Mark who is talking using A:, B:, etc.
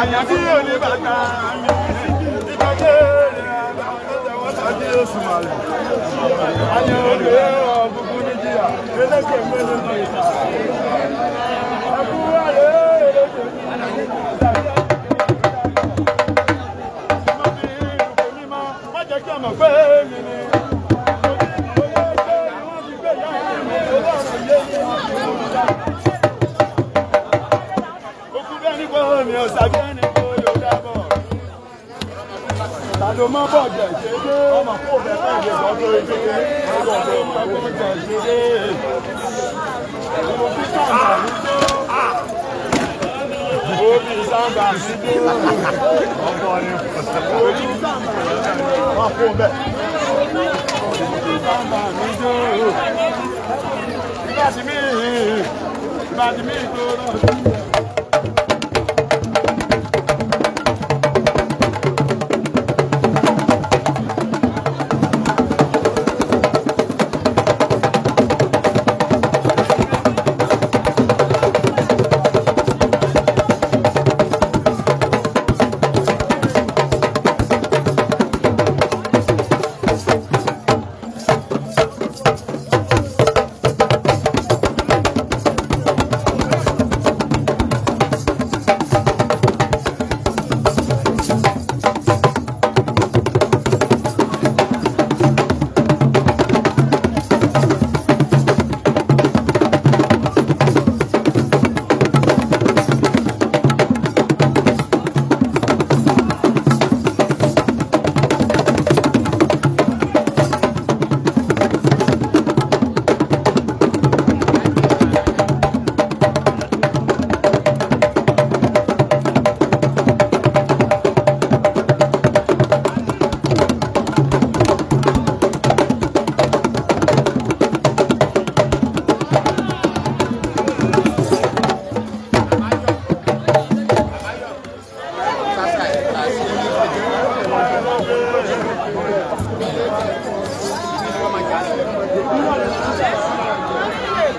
A: àyàfi òní bàtà mi ìtọ́jú rẹ̀ àtọ́jọ́wọ́ tàbí oṣù màlẹ̀. àyà òní ẹ̀rọ gbogbo níjìyà eléke mélòó ní ìta. àbúrò mi ò sábẹ́ ẹni kó yóò dábọ̀. Tàdó mọ́ bọ̀ jẹ̀ Ọmọ kó o bẹ̀rẹ̀ ìdè bọ́ tó ṣe dé. Ọmọ kó o fi kàmà ní dé.
B: Mo fi sábà sí Ọkọ ni. Mo fi sábà sí Ọmọ kó o bẹ̀. Mo
A: fi sábà ní dé. Nígbà tí mi ìgbà